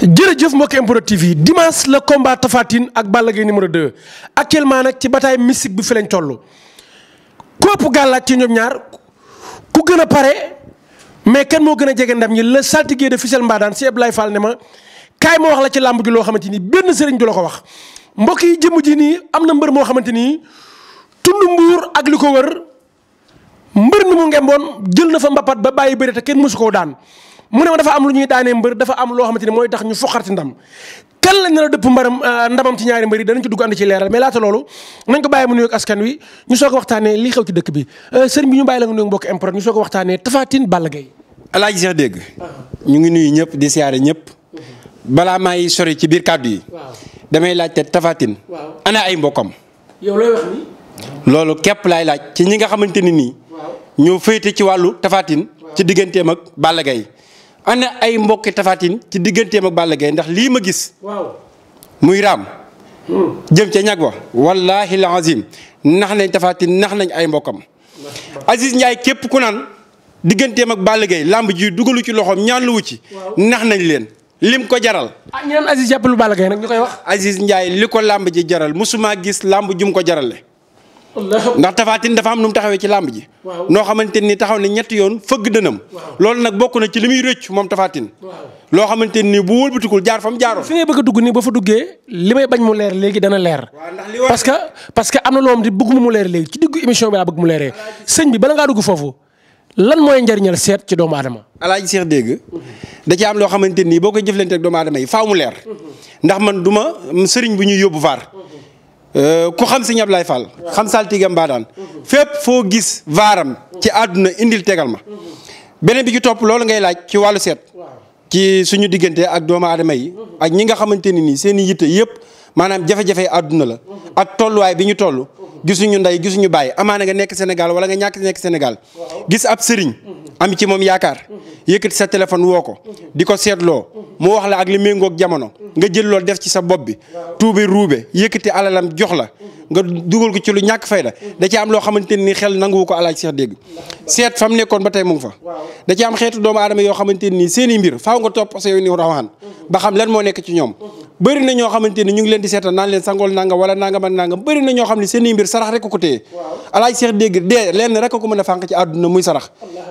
jërëjëf mbokki MPROD yi dimanche la combat Tapha Tine ak Balla Gaye numéro 2 actuellement nag ci bataay mystique bi fi lañ toll képp gàllaaj ci ñoom ñaar ku gën a pare mais kenn moo gën a jege ndam ñi la saltigué de Fissel Mbadane si lay Fall ne ma kaay ma wax la ci làmb ji loo xamante ni benn sëriñ du la ko wax. mbokk yi jëmm ji nii am na mbër moo xamante ni tund mbuur ak li ko wër mbër mi mu ngemboon jël na fa mbapat ba bàyyi bëri te kenn mësu koo daan. mu ne ma dafa am lu ñuy daanee mbër dafa am loo xamante ni mooy tax ñu foqarti ndam kan lañ nar a dëpp mbaram euh, ndamam ci ñaari mbëri yi danañ ci dugg ànd ci leeral mais laata loolu ko bàyyi mu nuyoog askan wi ñu soog a waxtaanee lii xew dëkk bi euh, sëriñ bi ñu bàyyi la nga nuyoog mbokk import ñu soog a waxtaanee Tapha Tine Balla Gaye Seex dégg ñu ngi nuyu ñëpp di siyaare ñëpp balaa maay sori ci biir kàddu yi damay laajte Tapha Tine ana ay mbokkam yow looy loolu képp laay laaj ci ñi nga xamante ni nii ñoo féete ci wàllu Tapha ci digganteem ak Balla Gaye ana ay mbokki tafaatin ci digganteem ak Balla ndax lii ma gis. waaw muy raam. Hmm. jëm ca ñag wa. wallaahi la azim nax nañ tafatin nax nañ ay mbokkam. Aziz Ndiaye képp ku naan digganteem ak Balla làmb ji dugalu ci loxoom ñaan lu ci. nax nañ leen lim ko jaral. ah ñu naan Aziz jàppalu nag ñu koy wax. li ko làmb ji jaral mosuma gis làmb jum ko jarale. ndax tafaatin dafa am nu mu taxawee ci làmb ji noo xamante ni taxaw ne ñetti yoon fëgg dënam loolu nag bokk na ci li muy rëcc moom tafaatin loo xamante ni bu wëlbatikul jaar fa mu jaaroon fi ngay bëgg a dugg nii ba fa duggee li may bañ mu leer léegi dana leer parce que parce que am na loo xam ne bëgguma mu leer léegi ci diggu émission bi laa bëgg mu leeree sëñ foofu lan mooy njariñal seet ci doomu aadama alaaji seex dégg da ci am loo xamante nii boo koy jëflante ak doomu aadama yi faaw mu leer mm-hmm. ndax man du ma sëriñ bu ñuy yóbbu vaar mm-hmm. Euh, ku xam Serigne Abdoulaye Fall xam saltige mbaadaan fépp foo gis vaaram ci àdduna indil tegal ma beneen bi ci topp loolu ngay laaj ci wàllu seet ci suñu diggante ak doomu aadama yi ak ñi nga xamante ne nii seen i yitte yëpp maanaam jafe-jafe àdduna la ak tolluwaay bi ñu toll gisuñu ndey gisuñu bàyyi amaana nga nekk Sénégal wala nga ñàkk nekk senegal gis ab sëriñ am ci moom yaakaar yëkkati sa téléphone woo ko di ko seetloo mu wax la ak li méngoog jamono nga jël loolu def ci sa bopp bi tuube ruube yëkkati alalam jox la nga dugal ko ci lu ñàkk fayda da ci am loo xamante ni xel nanguwu ko alaaj seex dégg seet fa mu nekkoon ba tey mu ngi fa da ci am xeetu doomu aadama yoo xamante nii seen i mbir faaw nga topp sa yow ni rawaxan moo nekk ñoom bëri na ñoo xamante ni ñu ngi leen di seetal naan leen sangool nanga wala nanga man nanga bëri na ñoo xam ne seen i mbir sarax rek ko téye alaaj seex dégg dee lenn rek ko mën a fànq ci àdduna muy sarax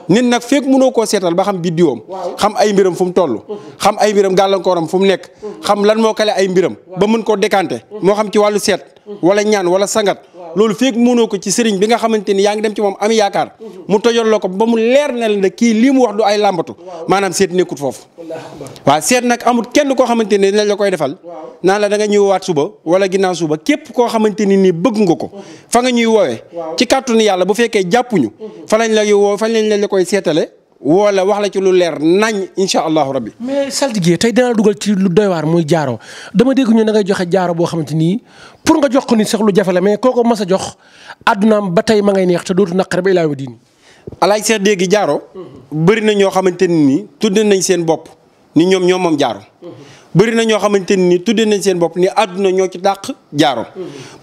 nit nag fekk mënoo koo seetal ba xam biddiwoom xam ay mbiram fu mu toll xam ay mbiram gàllankooram fu mu nekk xam lan moo kale ay mbiram ba mën koo décanté moo xam ci wàllu seet wala ñaan wala sangat loolu feeg mënoo ko ci sëriñ bi nga xamante ni yaa ngi dem ci moom am yaakaar mhm. mu tojol la ko ba mu leer na la kii lii mu wax du ay làmbatu maanaam seet nekkut foofu waaw seet nag amul kenn koo xamante ni dañ la koy defal naan la da nga ñuy waat suba wala ginnaaw suba képp koo xamante ni nii bëgg nga ko mhm. fa nga ñuy woowee ci kàttanu yàlla bu fekkee jàppuñu mhm. fa lañ la woo fa lañ la koy seetale woo la wax la ci lu leer nañ incha allahu rabbi. mais saltige tey dina dugal ci lu doy muy jaaro dama dégg ñu da ngay joxe jaaro boo xamante ni pour nga jox ko ni sax lu jafe la mais kooko a jox addunaam ba tey ma ngay neex te dootu naqare ba ilaa yawmi diin. alaaj seex dégg jaaro. bëri na ñoo xamante ne ni tudde nañ seen bopp ni ñoom ñoom moom jaaro. bëri na ñoo xamante ne ni nañ seen bopp ni àdduna ñoo ci dàq jaaro.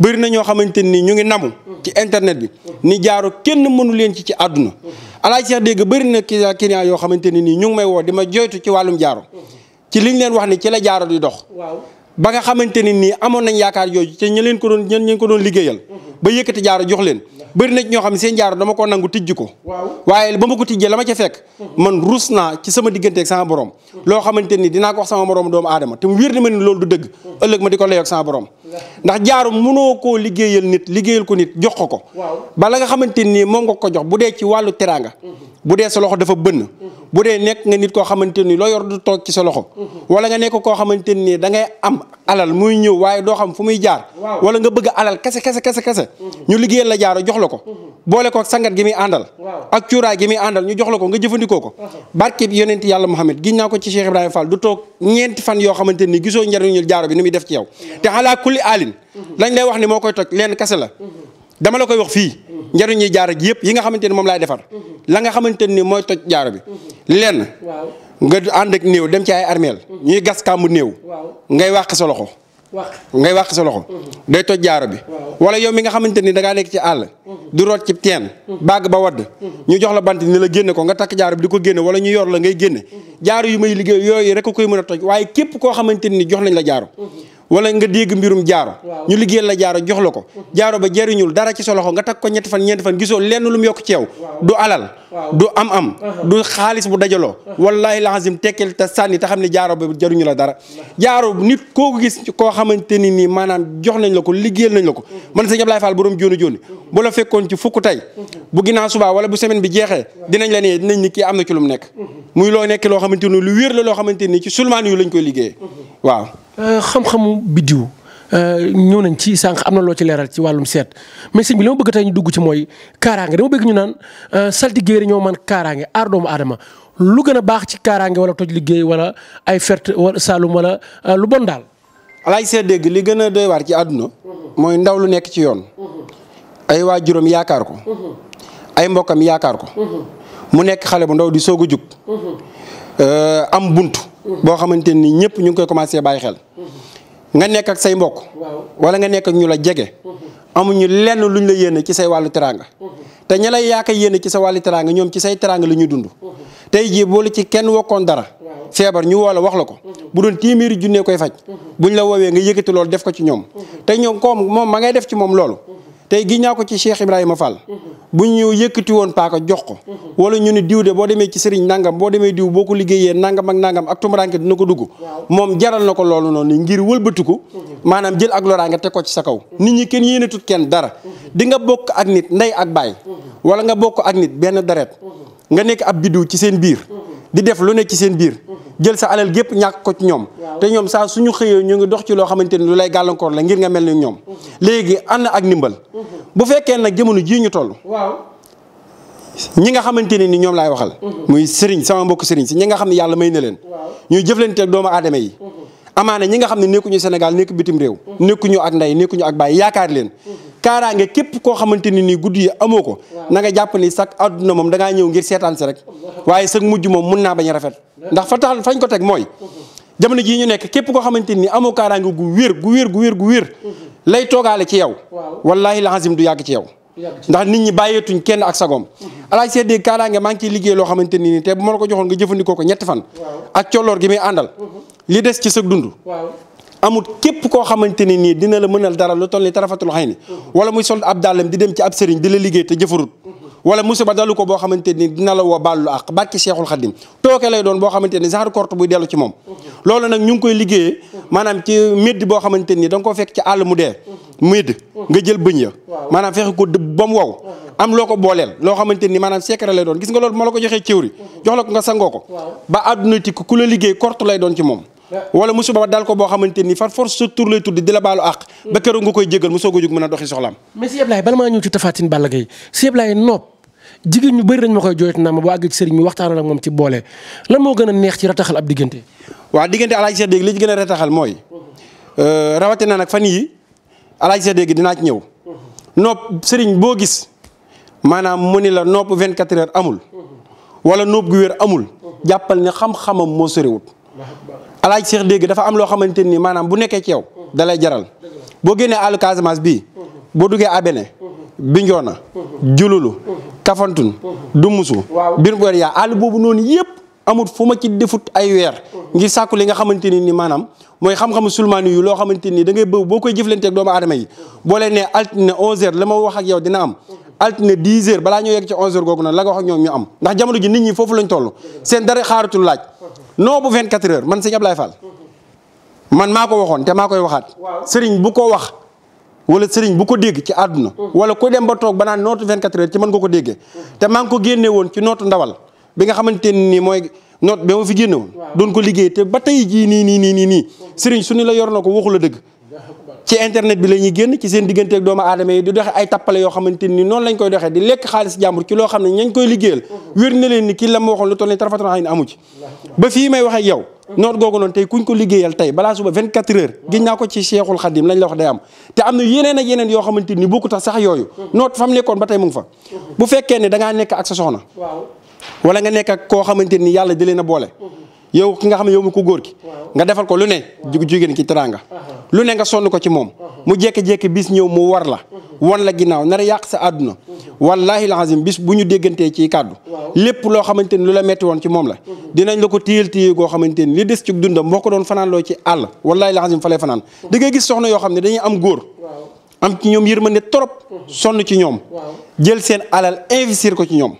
bëri na ñoo xamante ni ñu ngi namu. ci internet bi. ni jaaro kenn mënu leen ci ci àdduna. alaaji Cheikh dégg bëri na client yoo xamante ne nii ñu ngi may woo di ma joytu ci wàllum jaaro ci liñ leen wax ni ci la jaaro di dox. waaw ba nga xamante ne nii amoon nañ yaakaar yooyu te ña leen ko doon ña leen ko doon liggéeyal. ba yëkkati jaaro jox leen bëri na ñoo xam ne seen jaaro dama ko nangu tijj ko waaye ba ma ko tijjee la ma ca fekk hmm. man ruus naa ci sama digganteeg sama borom loo xamante ni dina ko sama moroom doomu aadama te mu wér na ma ni loolu du dëgg hmm. ëllëg ma di ko layoog sama borom ndax jaaro mënoo koo liggéeyal nit liggéeyal ko nit jox ko ko bala nga xamante ni moom nga ko jox bu dee ci wàllu teraanga hmm. bu dee sa loxo dafa bënn bu dee nekk nga nit koo xamante ni loo yor du toog ci sa loxo wala nga nekk koo xamante nii da ngay am alal muy ñëw waaye doo xam fu muy jaar wala nga bëgg alal kese kese kese kese mhm. ñu liggéeyal la jaaro jox la ko mhm. boole ko ak sangat gi muy àndal ak cuuraay gi muy àndal ñu jox la ko nga jëfandikoo ko mhm. barke bi yonent yàlla Muhammad giñ naa ko ci Cheikh Ibrahima Fall du toog ñeenti fan yoo xamante nii gisoo njariñul jaaro bi ni muy def ci yow te xalaa kulli aalin lañ lay wax ni moo koy toj leen kese la dama la koy wax fii njariñ yi jaara ji yëpp yi nga xamante ni moom laay defar la nga xamante ni mooy toj jaaro bi lenn nga ànd ak néew dem ci ay armeel ñuy gas kàmbu néew ngay wàq sa loxo ngay wàq sa loxo mhm. day toj jaaro bi wala yow mi nga xamante ni da nekk ci àll mhm. du ci teen mhm. bàgg ba wadd ñu jox la bant la génne ko nga takk jaaro bi di ko génne wala ñu yor la ngay génne jaaro yu may liggéey yooyu rek a koy mën a toj waaye képp koo xamante ni jox nañ la jaaro wala nga dégg mbirum jaaro ñu liggéeyal la jaaro jox la ko jaaro ba jariñul dara ci sa loxo nga takk ko ñetti fan ñeenti fan gisoo lenn lu yokk ci yow du alal du am am uh-huh. du xaalis bu dajaloo uh-huh. wallahi lazim tekkel te sànni te xam ne jaaro ba jariñu la dara jaaro nit koo gis koo xamante ni nii maanaam jox nañ la ko liggéeyal nañ la ko uh-huh. man sëñ Ablaye Fall borom jooni jooni bu la fekkoon ci fukk tey bu ginnaaw subaa wala bu semaine bi jeexee dinañ la ne dinañ ni kii am na ci lu mu nekk muy loo nekk loo xamante ni lu wér la loo xamante ni ci sulmaan yu lañ koy waaw Euh, xam-xamu biddiw euh, ñëw nañ ci sànq am na loo ci leeral ci wàllum seet messi sëñ bi li ma bëgg tey ñu dugg ci mooy kaaraange dama bëgg ñu naan euh, saltigéeri ñoo man kaaraange aar doomu aadama lu gën a baax ci kaaraange wala toj liggéey wala ay fert wala saalum wala lu bon daal. alaay see dégg li gën a doy waar ci àdduna. mooy ndaw lu nekk ci yoon. ay waajuram yaakaar ko. ay mbokkam yaakaar ko. mu nekk xale bu ndaw di soog a jug. am bunt. boo xamante nii ñëpp ñu ngi koy commencé bàyyi xel nga nekk ak say mbokk wala nga nekk ak ñu la jege amuñu lenn luñ la yéene ci say wàllu teraanga te ña lay yaaka yéene ci sa wàllu teraanga ñoom ci say teraanga lu ñu dund tey jii boole ci kenn wokkoon dara feebar ñu woo wax la ko bu doon téeméeri junnee koy faj buñ la woowee nga yëkkati loolu def ko ci ñoom te ñoom koom moom ma ngay def ci moom loolu tey gi ñaa ko ci Cheikh Ibrahima Fall bu ñu yëkkati woon paaka jox ko wala ñu ne diw de boo demee ci sëriñ nangam boo demee diw boo ko liggéeyee nangam ak nangam ak tumuraanke dina ko dugg moom jaral na ko loolu noonu ngir wëlbatiku maanaam jël ak loraange teg ko ci sa kaw nit ñi kenn yéenatut kenn dara di nga bokk ak nit ndey ak baay wala nga bokk ak nit benn deret nga nekk ab biddiw ci seen biir di def lu nekk ci seen biir jël sa alal gépp ñàkk ko ci ñoom te ñoom saa suñu xëyee ñu ngi dox ci loo xamante ni lu lay gàllankoor la ngir nga mel ni ñoom mhm. léegi ànd ak ndimbal mhm. bu fekkee nag jamono jii ñu toll waaw ñi nga xamante ne ni ñoom laay waxal mhm. muy sëriñ sama mbokk sëriñ si ñi nga xam ne yàlla may ne leen ñu jëflante ak doomu aadama yi amaana ñi nga xam ne nekkuñu Sénégal nekku bitim réew nekkuñu ak ndey nekkuñu ak bàyyi yaakaar leen kaaraange képp koo xamante ni nii guddi yi amoo ko na nga jàpp ni sax àdduna moom da ñëw ngir seetaan si rek waaye sax mujj moom mun naa bañ a rafet ndax fa tax fañ ko teg mooy jamono jii ñu nekk képp koo xamante ni amoo kaaraange gu wér gu wér gu wér wér mhm. lay toogaale ci yow wallaahi laazim du yàgg ci yow ndax nit ñi bàyyeetuñ kenn ak sagoom mhm. alaaj dee kaaraange maa ngi ciy liggéey loo xamante ni nii te bu ma la ko joxoon nga jëfandikoo ko ñetti fan ak colloor gi muy àndal mhm. li des ci sëg dund amul képp koo xamante nii dina la mënal dara lu toll ni tarafatul xay ni wala muy sol ab dàllam di dem ci ab sëriñ di la liggéey te jëfarut wala musiba dalu ko boo xamante nii da nga ko fekk ci àll mu dee médd nga jël bëñ ya maanaam fexe ko dëbb ba mu wow am loo ko booleel loo xamante ni maanaam lay doon gis nga loolu ma la ko joxee ciwri jox la ko nga sangoo ko ba àdduna tikk ku la liggéey korte lay doon ci moom wala musiba ba dal ko boo xamante ni far force sa tur lay tudd di la baalu àq. ba keroog nga koy jégal mu soog a jóg mën a doxi soxlaam. mais si Ablaye bala maa ñëw ci Tapha Tine Balla si Ablaye nopp jigéen ñu bëri dañ ma koy jooytu naa ma bu àgg ci sëriñ mi waxtaan ak moom ci moo gën neex ci rataxal ab diggante. waaw diggante Alaaji Seex Dégg a rataxal mooy euh, rawatina nag fa yii Alaaji Seex Dégg dinaa ci ñëw. nopp sëriñ boo gis maanaam mu ni la nopp 24 heures amul wala nopp gu wér amul jàppal ne xam-xamam moo soriwut alaaj Seex dégg dafa am loo xamante ni maanaam bu nekkee ci yow jaral boo génnee àllu Casamance bi boo duggee Abene Bignona Jululu Kafountine Dumussu bir bër yaa àll boobu noonu yëpp amut fu ma ci defut ay weer ngir sàkku li nga xamante ni ni maanaam mooy xam-xamu sulmaani yu loo xamante nii da ngay boo koy jëflanteeg doomu adama yi boo leen nee altine 11h la ma wax ak yow dina am altine 10h balaa ñoo yegg ci 11h googu la nga wax ak ñu am ndax jamono ji nit ñi foofu lañ toll seen dara xaaratul laaj non bu 24 heures man sëñ Ablaye Fall man maa ko waxoon te maa koy waxaat. sëriñ bu ko wax wala sëriñ bu ko dégg ci àdduna. Mm-hmm. wala ku dem ba toog ba naan nootu 24 heures ci man nga ko déggee. Mm-hmm. te maa ngi ko génne woon ci nootu ndawal bi nga xamante ne nii mooy noot bi ma fi génne woon. doon ko liggéey te ba tey jii nii nii nii nii nii mm-hmm. sëriñ su ne la yor na ko waxu la dëgg. ci internet bi la ñuy génn ci seen diggante ak doomu aadama yi di doxe ay tappale yoo xamante ni noonu lañ koy doxee di lekk xaalis jàmbur ci loo xam ne ñañ koy tey balaa suba 24 heures gis naa ko ci Cheikhul Khadim lañ la am te am na yeneen ak yoo xamante ni bokku tax sax yooyu noot fa mu nekkoon ba tey mu ngi fa bu fekkee ne da ngaa nekk ak sa soxna wala nga nekk koo xamante ni yàlla di leen a boole yow ki nga xam ne yow mi ko góor ki nga defal ko lu ne jigéen ki teraanga uh-huh. lu ne nga sonn ko ci moom uh-huh. mu jékki-jékki bis ñëw mu war la uh-huh. wan la ginnaaw na a yàq sa àdduna wallahi lazim bis bu ñu déggantee ci kàddu lépp loo xamante ni lu la metti woon ci la dinañ la ko téyel goo xamante ni li des ci dundam boo ko doon fanaan loo ci àll wallahi lazim fa lay fanaan da ngay gis soxna yoo xam ne dañuy am góor am ci ñoom yërmande trop sonn ci ñoom jël seen alal investir ko ci ñoom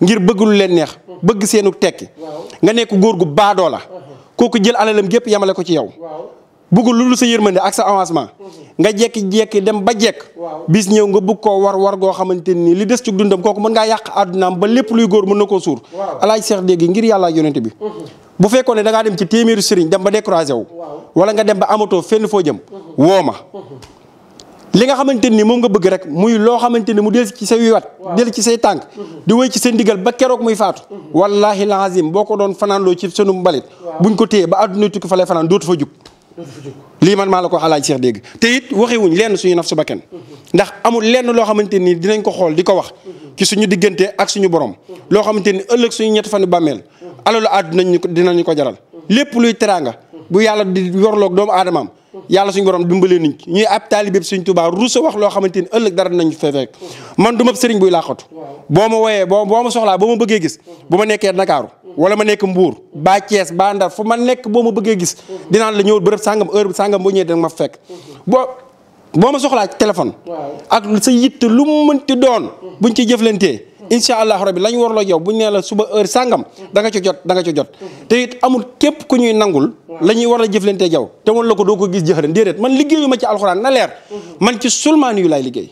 ngir bëgg lu leen neex bëgg seenu tekki nga nekk góor gu baadoo la uh-huh. kooku jël alalam gépp yamale ko ci yow bëggul lu sa yërmande ak sa avancement uh-huh. nga jekki-jekki dem ba jekk bis ñëw nga bëgg koo war war goo xamante nii li des ci dundam kooku mën ngaa yàq àddunaam ba lépp luy góor mën na koo suur alaaj seex dégg ngir yàlla yonente bi uh-huh. bu fekkoon ne da dem ci téeméeri sëriñ dem ba découragé wu wala nga dem ba amatoo fenn foo jëm woo li nga xamante nii moom nga bëgg rek muy loo xamante ni mu del ci say wat del ci say tànk di wéy ci seen digal ba keroog muy faatu wallahi laazim boo ko doon fanaan loo ci nu mbalit buñ ko téyee ba àdduna tukki fa lay fanaan dootu fa jug lii man maa la ko xalaaj Cheikh dégg te it waxewuñ lenn suñu naf su bakken ndax amul lenn loo xamante ni dinañ ko xool di ko wax ci suñu diggante ak suñu borom loo xamante ni ëllëg suñu ñetti fanu bàmmeel alalu àdduna dinañu ko jaral lépp luy teraanga bu yàlla di yorloog doomu aadamaam yàlla suñu borom dimbalee niñ ñuy ab taalibe suñ Tuubaa ruusa wax loo xamante ni ëllëg dara nañ fa fekk man du ma sëriñ buy laaxatu boo ma wooyee boo ma soxlaa boo ma bëggee gis bu ma nekkee Ndakaaru wala ma nekk Mbuur ba Cees ba Ndar fu ma boo ma bëggee gis dinaan la ñëwul bërëb sàngam heure sàngam boo ñëwee danga ma fekk boo boo ma soxlaa téléphone ak sa yitte lu mu mënti doon buñ ci jëflantee incha allah rabbi la ñu warloo yow bu ñu nee la suba heure sàngam danga nga ci jot da nga jot te it amul képp ku ñuy nangul la ñuy war a jëflante yow te woon la ko doo ko gis jëxëran déedéet man liggéeyu ci alxuraan na leer mhm. man ci sulmaani yu laay liggéey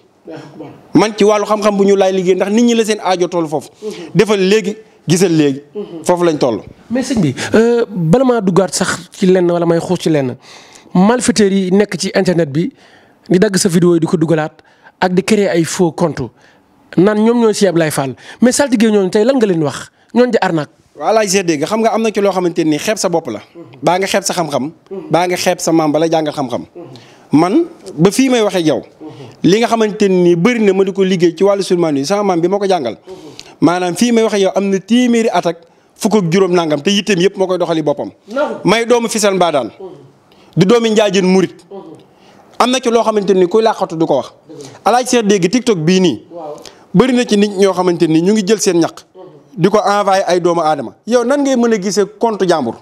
man ci wàllu xam-xam bu ñu laay liggéey ndax nit ñi la seen aajo toll foofu mhm. defal léegi gisal léegi mhm. foofu lañ toll mais sëñ bi euh, bala maa duggaat sax ci lenn wala may xuus ci lenn malfaiteurs yi nekk ci internet bi di dagg sa vidéo di ko dugalaat ak di créer ay faux compte naan ñoom ñooy Cheikh Ablaye Fall mais saltige ñooñu tey lan nga leen wax ñooñu di arnaque. waaw laaj dégg xam nga am na ci loo xamante ni xeeb sa bopp la. baa nga xeeb sa xam baa nga xeeb sa maam bala jàngal xam-xam. man ba fii may waxee yow. li nga xamante ni bëri na ma di ko liggéey ci wàllu sulmaan yi sama maam bi ma ko jàngal. maanaam fii may waxee yow am na téeméeri at ak fukk ak juróom nangam te yitteem yëpp moo koy doxali boppam. may doomu Fisal Mbadaan. di doomi Njaajeen Murit. am na ci loo xamante ni kuy laaxatu du ko wax. alaaj see dégg TikTok bii nii. bëri na ci nit ñoo xamante nii ñu ngi jël seen ñaq di ko envoyé ay doomu aadama yow nan ngay mën a gisee compte jàmbur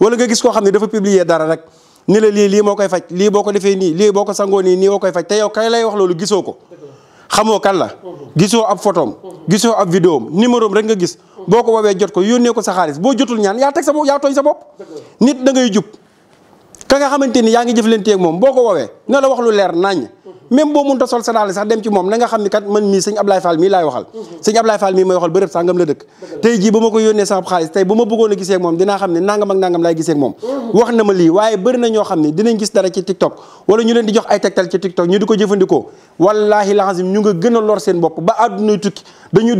wala nga gis koo xam ne dafa publier dara rek ni la lii lii moo koy faj lii boo ko defee nii lii boo ko sangoo nii nii koy faj te yow kay lay wax loolu ko xamoo kan la gisoo ab photom gisoo ab vidéom numéro rek nga gis boo ko woowee jot ko yónnee ko sa xaalis boo jotul ñaan yaa teg sa bopp yaa tooñ sa bopp nit da ngay jub ka nga xamante ni yaa ngi jëf jëflanteeg moom boo ko woowee na la wax lu leer naññ même boo mënta sol sa daal sax dem ci moom na xam ni kat man mii sëñ Ablaye Fall mii laay waxal sëñ Ablaye Fall mii may waxal bërëb sàngam la dëkk tey jii ba ma ko yónnee sama a gisee ak moom na ma lii waaye bëri na ñoo xam ne di jox ay tegtal ci TikTok ñu di ko jëfandikoo wallaahi laazim ñu a lor seen bopp ba àdduna tukki dañuy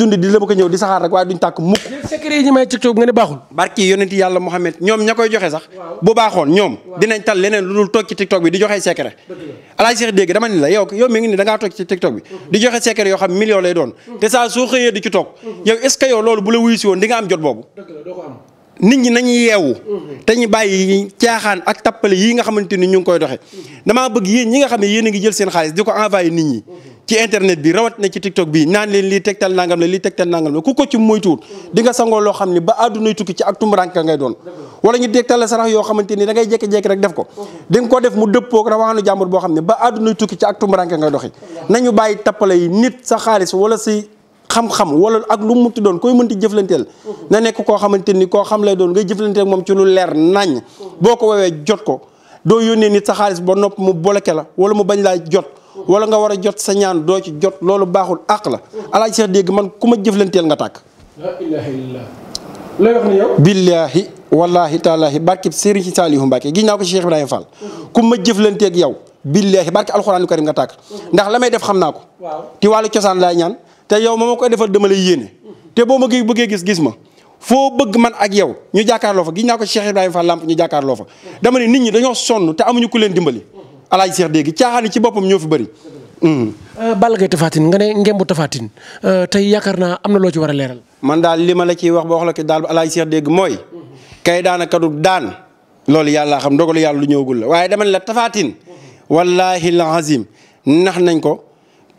yàlla Muhammad ñoom ña koy joxe sax bu baaxoon ñoom dinañ tal leneen lu dul toog ci TikTok bi di joxee secret alaaj Seex dégg dama ni la yow yow mi ngi ni da ngaa toog ci TikTok bi mhm. di joxe secret yoo xam million lay doon mhm. te saa soo xëyee di ci mhm. yow est yow loolu bu la wuyu si woon di nga am jot boobu nit ñi nañu yeewu mhm. te ñu bàyyi caaxaan ak tappale yi nga xamante ni ñu ngi koy doxe mhm. damaa bëgg yéen ñi nga xam ne yéen a ngi jël seen xaalis di ko envoyé nit ñi mhm. ci internet bi rawat na ci tiktok bi naan leen lii tegtal nangam la lii tegtal nangam ku ko ci moytuwul di nga sangoo loo xam ne ba àddunay tukki ci ak tumuranka ngay doon wala ñu tegtal la yoo xamante ni da ngay jékki rek def ko di nga def mu dëppoog rawaanu jàmbur boo xam ne ba àddunay tukki ci ak tumuranka ngay doxi nañu bàyyi tappale yi nit sa xaalis wala si xam-xam wala ak lu mu munti doon koy mënti jëflanteel mhm. na nekk koo xamante ni koo xam lay doon ngay jëflanteel moom ci lu leer nañ mhm. boo ko wowee jot ko doo yónnee nit sa xaalis ba nopp mu bloqué la wala mu bañ laa jot mhm. wala nga war a jot sa ñaan doo ci jot loolu baaxul àq la alaaji Seex dégg man ku ma jëflanteel nga tàkk la ilaha illallah lay wax ni yow billaahi wallaahi taalaahi barkib Sëriñ si Saalihu Mbàkke ko Cheikh Ibrahima Fall ku ma jëflanteeg yow billaahi barke alxuraanu karim nga tàkk ndax la may def xam naa ko ti wàllu cosaan laay ñaan te yow ma ma koy defal dama lay yéene te boo ma gi bëggee gis gis ma foo bëgg man ak yow ñu jàkkaarloo fa gis naa ko Cheikh Ibrahima Fall Lamp ñu jàkkaarloo fa dama ne nit ñi dañoo sonn te amuñu ku leen dimbali alaaji Cheikh dégg caaxaan yi ci boppam ñoo fi bëri hmm. euh, Balla Gaye Tapha Tine nga ne ngembu Tapha Tine euh, tey yaakaar naa am na loo ci war a leeral man daal li ma la ciy wax ba wax la ko daal alaaji Cheikh dégg mooy kay daanaka du daan loolu yàlla xam dogalu yàlla lu ñëwagul la waaye dama ne la Tapha Tine wallaahi lazim nax nañ ko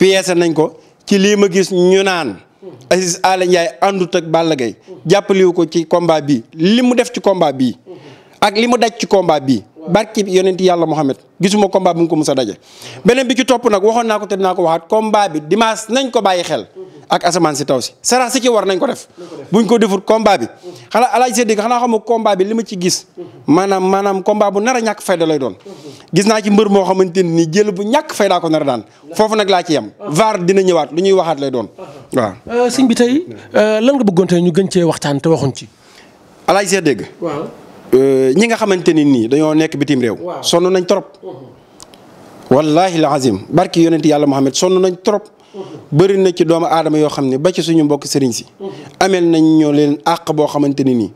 nañ ko ci lii ma gis ñu naan Aziz Aly Ndiaye àndut ak Balla Gaye jàppaliwu ko ci combat bi li mu def ci combat bii ak li mu daj ci combat bii barki yonenti yàlla Mohamed gisuma combat bu nga ko mës a daje beneen bi ci topp nag waxoon naa ko te dinaa ko waxaat combat bi dimaas nañ ko bàyyi xel ak asamaan si taw si sarax si ci war nañ ko def buñ ko deful combat bi xanaa alaaj Seydi xanaa xam nga combat bi li ma ci gis maanaam maanaam combat bu nar a ñàkk fayda lay doon gis naa ci mbër moo xamante ni jël bu ñàkk faydaa ko nar a daan foofu nag laa ci yem vaar dina ñëwaat lu ñuy waxaat lay doon waaw euh, sëñ bi tey euh, lan nga bëggoon tey ñu gën cee waxtaan te waxuñ ci alaaj Seydi dégg euh, ñi nga xamante ni nii dañoo nekk bitim réew sonn nañ trop wallaahi la azim barki yàlla Muhammad sonn nañ trop bëri na ci doomu aadama yoo xam ne ba ci suñu mbokk sëriñ si ameel nañ ñoo leen àq boo xamante ni nii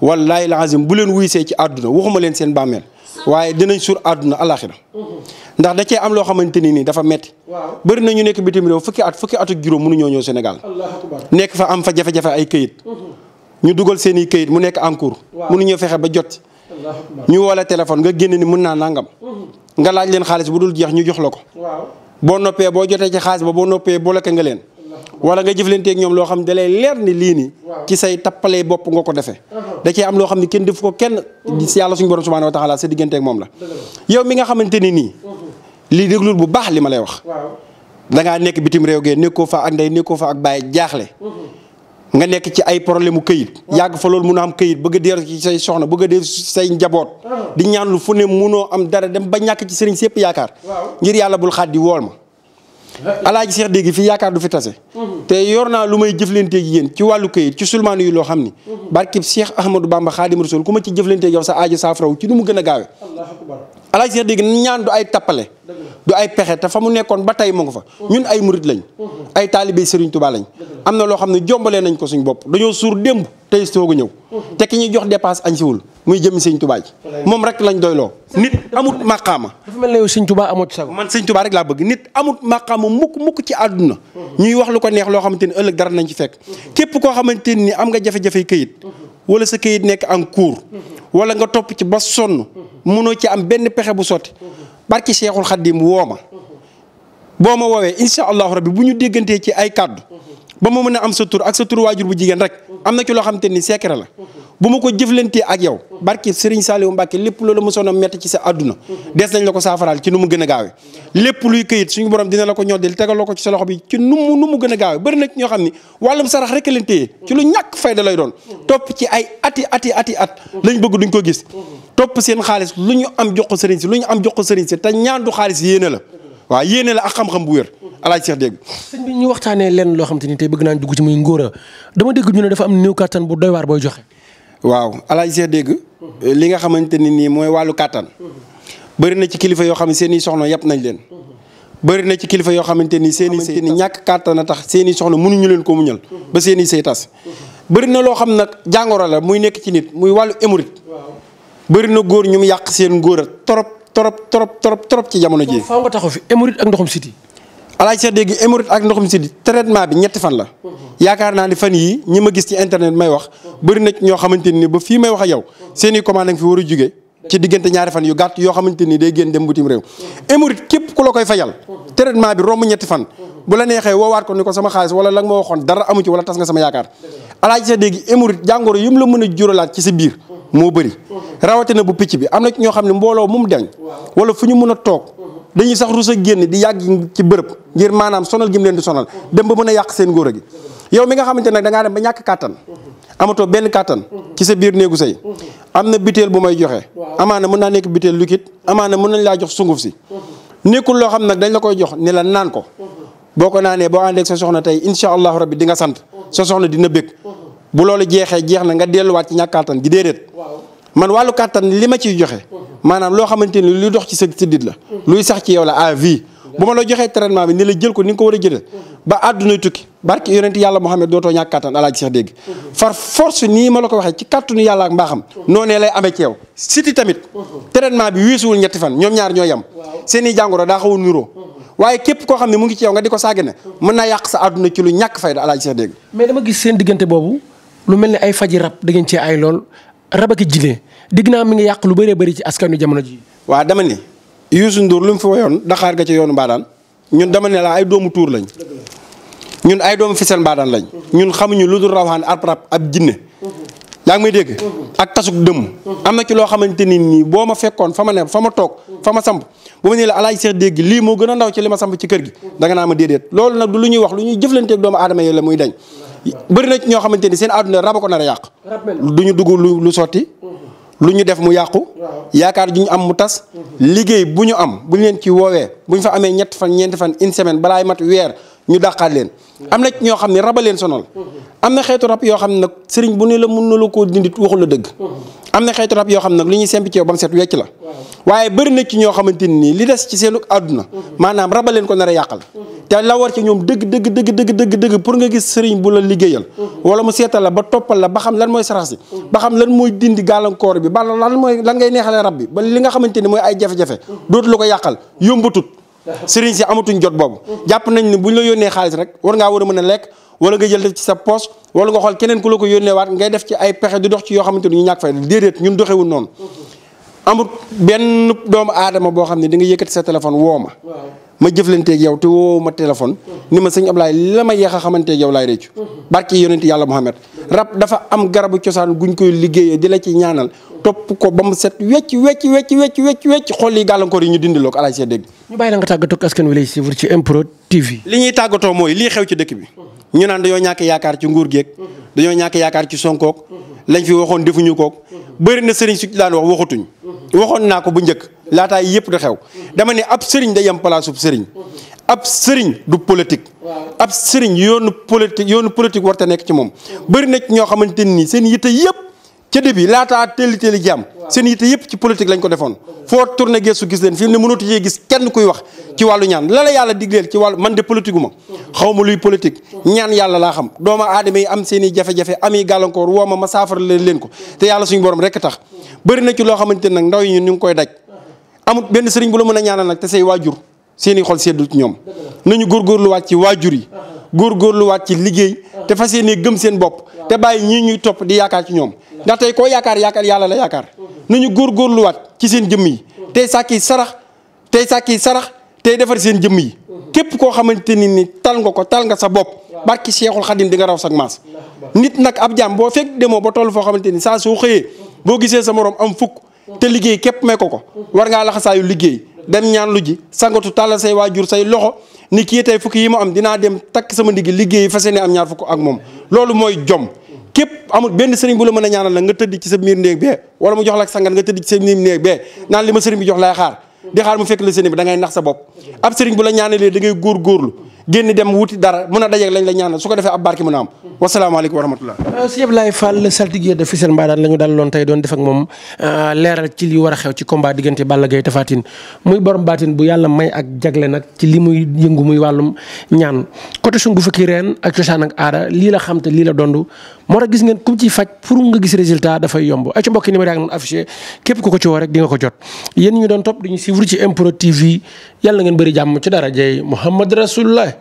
wallaahi laazim bu leen wuysee ci àdduna waxuma leen seen bàmmeel waaye dinañ suur àdduna alaxira ndax da cee am loo xamante ni nii dafa metti bëri na ñu nekk bitim réew fukki at fukki at ak juróom mënuñoo ñëw Sénégal nekk fa am fa jafe-jafe ay këyit ñu dugal seen i këyit mu nekk en cours mënuñoo fexe ba jot ñu woo la téléphone nga génne ni mën naa nangam uhuh. nga laaj leen xaalis bu dul jeex ñu jox la ko boo noppee boo jotee ci xaalis ba boo noppee boolaka nga leen wala nga jëflanteeg ñoom loo xam ne da leer ni lii nii ci say tappalee bopp nga ko defee uh-huh. da am loo xam ne kenn def ko kenn si yàlla suñu borom subhanahu wa taala sa digganteeg moom la yow mi nga xamante ni nii uh-huh. lii déglul bu baax li ma lay wax dangaa nekk bitim réew gee nekkoo fa ak ndey nekkoo fa ak baay jaaxle uh-huh. nga nekk ci ay problème mu këyit yàgg fa loolu mun a am këyit bëgg a dellu ci say soxna bëgg a dellu say njaboot di ñaan lu fu ne munoo am dara dem ba ñàkk ci sëriñ sépp yaakaar ngir yàlla bul xaat di wool ma alaaj seex dégg fii yaakaar du fi tase mm-hmm. te yor naa lu may jëflanteeg yéen ci wàllu këyit ci sulmaanu yi loo xam ni mm-hmm. barkib Seex Ahmadou Bamba Xaadim Rasul ku ma ci jëflanteeg yow sa aajo saafaraw ci nu mu gën a gaawe alaaj seex dégg ñaan du ay tappale du ay pexe te fa mu nekkoon ba tey mu ngi fa ñun ay murit lañ ay taalibe Serigne tubaa lañ am na loo xam ne jombalee nañ ko suñ bopp dañoo suur démb tey soogu ñëw te ki ñuy jox dépasse añ siwul muy jëmi sëñ Touba ji moom rek lañ doyloo nit amut màqaama dafa mel ne yow Serigne Touba amoo ci sago man Serigne rek laa bëgg nit amut màqaama mukk mukk ci àdduna ñuy wax lu ko neex loo xamante ni ëllëg dara nañ ci fekk képp koo xamante ni am nga jafe-jafe këyit wala sa kayit nekk en cours wala nga topp ci ba sonn mënoo ci am benn pexe bu sotti barki Cheikhul Khadim woo ma boo ma woowee incha allahu rabbi bu ñu déggantee ci ay kàddu ba ma mën a am sa ak sa tur waajur bu jigéen rek am na ci loo xamante ni secret la bu ma ko jëflantee ak yow barke Serigne Saliou Mbacke lépp loolu mosoon a metti ci sa àdduna des nañ la ko saafaraal ci nu mu gën a gaawee lépp luy këyit suñu borom dina la ko ñoddil tegal tegaloo ko ci sa loxo bi ci nu mu nu mu gën a gaawee bëri na ñoo xam ni wàllum sarax rek leen téye ci lu ñàkk fayda lay doon topp ci ay ati ati ati at lañ bëgg duñ ko gis topp seen xaalis lu ñu am jox ko Serigne si lu ñu am jox ko Serigne si te ñaan du xaalis yéene la waaw yéene la ak xam bu wér alaaj Seex dégg sëñ bi ñu waxtaanee lenn loo xam ni tey bëgg naa dugg ci muy ngóora dama dégg ñu ne dafa am néew kattan bu doy waar booy joxe. waaw alaaj dégg li nga xamante ni nii mooy wàllu kattan bëri na ci kilifa yoo xam ne seen i soxna yàpp nañ leen. bëri na ci kilifa yoo xamante ni seen i sey ni ñàkk kattan a tax seen i soxna mënuñu leen ko muñal ba seen i tas bëri na loo xam nag jàngoro la muy nekk ci nit muy wàllu émurit bëri na góor ñu mu yàq seen góor a trop trop trop trop trop ci jamono ji faaw nga fi émurit ak siti Alaaji Seex dégg hémorroïde ak ndoxum sidit bi ñetti fan la yaakaar naa ni fan yii ñi ma gis ci internet may wax bëri na ñoo xamante ni ba fii may wax yow seen i commande nga fi a jugee ci diggante ñaari fan yu gàtt yoo xamante ni day génn dem bitim réew hémorroïde képp ku la koy fajal traitement bi romb ñetti fan bu la neexee woowaat ko ko sama xaalis wala la nga amu wala tas nga sama yaakaar Alaaji Seex dégg jàngoro yi mu la mën a juralaat ci si biir moo bëri rawatina bu picc bi am na ñoo xam ne mbooloo mu mu deñ wala fu ñu mën a toog dañuy sax rus a génn di yàgg ci bërëb ngir maanaam sonal gi leen di sonal dem ba mën a yàq seen góor a yow mi nga xamante nag da ngaa dem ba ñàkk kàttan amatoo benn kàttan ci sa biir néegu say am na butéel bu may joxe amaana mën naa nekk butéel liquide amaana mën nañ laa jox sunguf si nekkul loo xam nag dañ la koy jox ne la naan ko boo ko naanee boo àndeeg sa soxna tey incha allahu rabbi di nga sant sa soxna dina bëgg bu loolu jeexee jeex na nga delluwaat ci ñàkk kàttan gi déedéet man wàllu kàttan li ma ciy joxe maanaam loo xamante ni luy dox ci sa siddit la luy sax ci yow la à bu ma la joxee traitement bi ni la jël ko ni nga ko war a jëlee ba àdduna tukki barke yonent yàlla Muhammad dootoo ñàkk kàttan alaaji Seex dégg far force nii ma la ko waxee ci kàttanu yàlla ak mbaaxam noonee lay amee ci yow siti tamit traitement bi wiisuwul ñetti fan ñoom ñaar ñoo yam seen i jàngoro daa xaw a nuroo waaye képp koo xam ne mu ngi ci yow nga di ko saagane mën naa yàq sa àdduna ci lu ñàkk fayda alaaji Seex dégg mais dama gis seen diggante boobu lu mel ne ay faji rab da ngeen ci ay lool rab ak jinne digg naa mi ngi yàq lu bëree bëri ci askanu jamono ji waa dama ni Youssou Ndour lu mu fi woyoon daxaar ga ci yoonu mbaadaan ñun dama ne la ay doomu tuur lañ ñun ay doomu fisel mbaadaan lañ ñun xamuñu lu dul rawaan ab rab ab jinne yaa ngi may dégg ak tasuk dëmm am na ci loo xamante ni nii boo ma fekkoon fa ma ne fa ma toog fa ma samp bu ma nee la alaaj seex dégg lii moo gën a ndaw ci li ma samp ci kër gi danga naa ma déedéet loolu nag du lu ñuy wax lu ñuy jëflanteeg doomu aadama yi la muy dañ bëri na ñoo xamante ni seen àdduna rab a yàq. du ñu dugg lu lu sotti. lu ñu def mu yàqu. yaakaar ju ñu am mu tas. liggéey bu ñu am bu ñu leen ci woowee bu ñu fa amee ñett fan ñeenti fan une semaine balaay mat weer. ñu dàqaat leen am na ñoo xam ne raba leen sonal am na xeetu rab yoo xam ne nag bu ne la mun la koo dindit la dëgg am na xeetu rab yoo xam ne nag li ñuy sempi ci yow ba mu set wecc la waaye bëri na ci ñoo xamante ni li des ci seenu àdduna maanaam raba leen ko nar a yàqal te la war ci ñoom dëgg dëgg dëgg dëgg dëgg dëgg pour nga gis sëriñ bu la liggéeyal wala mu seetal la ba toppal la ba xam lan mooy sarax si ba xam lan mooy dindi gàllankoor bi ba lan mooy lan ngay neexale rab bi ba li nga xamante ni mooy ay jafe-jafe dootu ko yàqal yombatut sëriñ si amatuñ jot boobu jàpp nañ ne ñu la yónnee xaalis rek war ngaa war a mën a lekk wala nga jël def ci sa poche wala nga xol keneen ku la ko yónnee waat ngay def ci ay pexe di dox ci yoo xamante ni ñu ñàkk fay déedéet ñun doxewul noonu amut benn doomu aadama boo xam ne di nga yëkkati sa téléphone woo ma jëflanteeg yow te woo ma téléphone ni ma sëñ Ablaye la ma yeex a xamanteeg yow laay réccu barke yonent yàlla Muhammad rab dafa am garabu cosaan guñ koy liggéeyee di la ci ñaanal topp ko ba mu set wecc wecc wecc wecc wecc wecc xool yi yi ñu dindiloo ko alaaj see dégg ñu bàyyi la nga tàggatoo ak askan wi lay suivre ci MPROD TV li ñuy tàggatoo mooy lii xew ci dëkk bi ñu naan dañoo ñàkk yaakaar ci nguur geeg dañoo ñàkk yaakaar ci sonkook lañ fi waxoon defuñu kook bëri na sëriñ su daan wax waxatuñ waxoon naa ko bu njëkk laataay yëpp da xew dama ne ab sëriñ day am palaasub sëriñ ab sëriñ du politique ab sëriñ yoonu politique yoonu politique war ta nekk ci moom bëri na ñoo xamante nii seen yitte yëpp ca début laataa tëli tëli jàmm seen yitte yëpp ci politique lañ ko defoon foo tourné gëstu gis leen fi mu ne mënatu cee gis kenn kuy wax ci wàllu ñaan la la yàlla digleel ci wàllu man de politique gu ma xaw ma luy politique ñaan yàlla laa xam doomu aadama yi am seen i jafe-jafe ami gàllankoor woo ma ma saafara leen leen ko te yàlla suñu borom rek tax bëri na ci loo xamante nag ndaw yi ñun ñu ngi koy daj amul benn sëriñ bu la mën a ñaanal nag te say waajur seen i xol seddul ci ñoom nañu góorgóorluwaat ci waajur yi góor góorgóorluwaat ci liggéey te fas yéene gëm seen bopp te bàyyi ñii ñuy topp di yaakaar ci ñoom ndax tey koo yaakaar yaakaar yàlla la yaakaar góor góorgóorluwaat ci seen jëmm yi tey sàkki sarax tey sàkki sarax tey defar seen jëmm yi képp koo xamante ni ni tal nga ko tal nga sa bopp barki Seexul Xadim di nga raw sag maas nit nag ab jaam boo fekk demoo ba toll foo xamante ni saa soo xëyee boo gisee sa morom am fukk te liggéey képp may ko ko war ngaa laxasaayu liggéey dem ñaan lu ji sangatu tàllal say waajur say loxo ni kii tey fukki yi mu am dinaa dem takk sama ndigg liggéeyi fa yéene am ñaar fukk ak moom loolu mooy jom képp amul benn sëriñ bu la mën a ñaanal la nga tëdd ci sa miir néeg bee wala mu jox la ak sangan nga tëdd ci sa miir néeg bee naan li ma sëriñ bi jox laay xaar di xaar mu fekk la sëriñ bi dangay ngay nax sa bopp ab sëriñ bu la ñaanalee da ngay góorgóorlu génn dem wuti dara mun a dajeeg lañ la ñaanal su ko defee ab barke mën a am wasalaamaaleykum wa rahmatullah euh, sëñ Abdoulaye Fall saltigué de Fissel Mbadane la ñu daloon tey doon def ak moom euh, leeral ci li war a xew ci combat diggante Balla Gaye Tapha muy borom baatin bu yàlla may ak jagle nag ci li muy yëngu muy wàllum ñaan côté sungu fukki reen ak cosaan ak aada lii la xam te lii la dond moo tax gis ngeen ku ci faj pour nga gis résultat dafay yomb ay ci mbokki numéro yaa képp ku ko ci woo ko jot yéen ñu doon topp dañu suivre ci MPROD TV yàlla ngeen bëri jàmm ci dara jey Muhammad Rasulullah